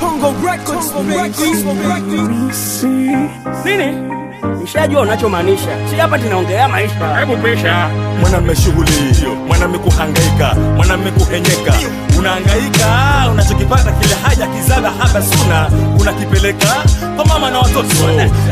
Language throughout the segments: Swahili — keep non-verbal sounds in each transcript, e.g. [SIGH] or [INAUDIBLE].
Tongo Records nini? Nishajua unachomaanisha. Si hapa tunaongelea maisha. Hebu pesha. Mwana mmeshughuli hiyo, mwana mmekuhangaika, mwana mmekuhenyeka. Unahangaika, unachokipata kile haja kizaga hapa suna, unakipeleka kwa mama na watoto.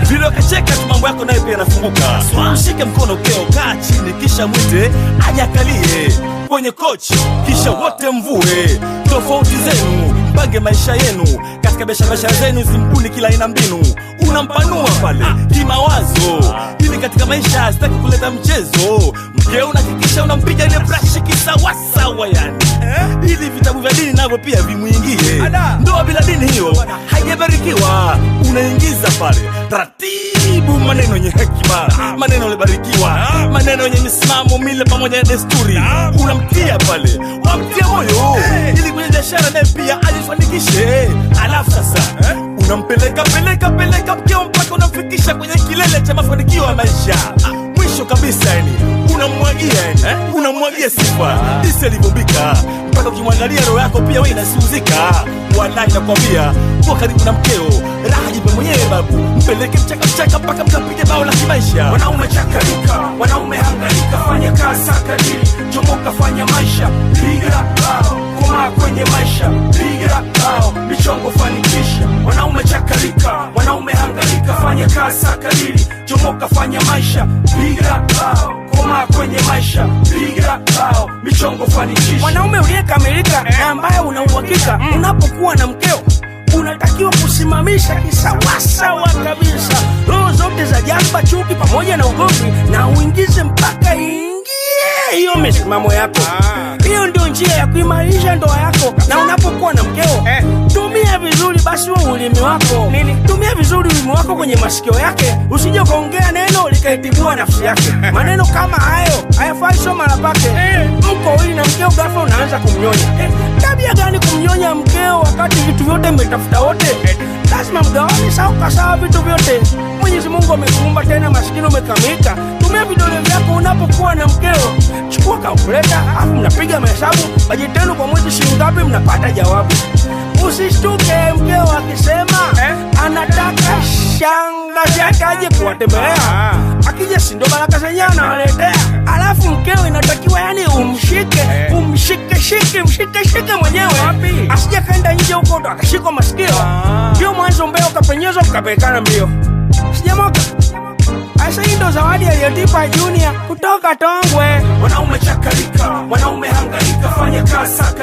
Vile ukacheka tu mambo yako nayo pia yanafunguka. Mshike mkono keo, kaa chini kisha mwite aje akalie kwenye kochi kisha wote mvue tofauti zenu mpange maisha yenu katika biashabasha zenu, simpuni kila aina mbinu, unampanua pale kimawazo, ili katika maisha sitaki kuleta mchezo mgeu, unahakikisha unampiga ile brashi kisawasawa, yani eh? ili vitabu vya dini navyo pia vimwingie. Ndoa bila dini hiyo haijabarikiwa, unaingiza pale taratibu Jibu maneno yenye hekima, maneno yalibarikiwa, maneno yenye misimamo, mile pamoja na desturi. Unamtia pale, wamtia moyo ili kwenye biashara naye pia ajifanikishe. Alafu sasa unampeleka peleka peleka mkeo mpaka unamfikisha kwenye kilele cha mafanikio ya maisha. Mwisho kabisa yani unamwagia yani eh? unamwagia sifa jinsi alivyombika mpaka ukimwangalia roho yako pia wewe inasiuzika. Wallahi nakwambia, kuwa karibu na mkeo raha, jipe mwenyewe babu mchaka mchaka mpaka mkapige bao la kimaisha wanaume chakarika wanaume hangaika fanya kaa sakadili chomoka fanya maisha piga bao komaa kwenye maisha piga bao michongo fanikisha wanaume chakarika wanaume hangaika fanya kaa sakadili chomoka fanya maisha piga bao kukomaa kwenye maisha piga bao michongo fanikisha mwanaume uliyekamilika na ambaye unauhakika mm. unapokuwa na mkeo unatakiwa kusimamisha kisawasawa kabisa roho zote za jamba, chuki pamoja na ugomvi, na uingize mpaka ingie hiyo misimamo yako. Ah. Hiyo ndio njia ya kuimarisha ndoa yako. Na ah. unapokuwa na mkeo eh. tumia vizuri basi wa ulimi wako nini? Tumia vizuri ulimi wako kwenye masikio yake, usije ukaongea neno likaitibiwa nafsi yake. [LAUGHS] Maneno kama hayo nimetafuta wote, lazima mgawanisau kasawa vitu vyote. Mwenyezi Mungu amekuumba tena masikini umekamilika. Tumia vidole vyako unapokuwa na mkeo, chukua kalkuleta, alafu mnapiga mahesabu bajeti yenu kwa mwezi shilingi ngapi, mnapata jawabu. Usishtuke mkeo akisema eh? anataka shanga yake aje kuwatembelea ndo baraka zenye anawaletea, eh, alafu mkewe inatakiwa yani umshike eh. umshike shike mshike shike mwenyewe, asije kaenda nje huko ndo akashikwa masikio, ah. ndio mwanzo mbeo ukapenyezwa ukapekana mbio, sijamoka Asa hii ndo zawadi aliyotipa Junior kutoka Tongwe. Wanaume chakarika, wanaume hangaika, fanya kazi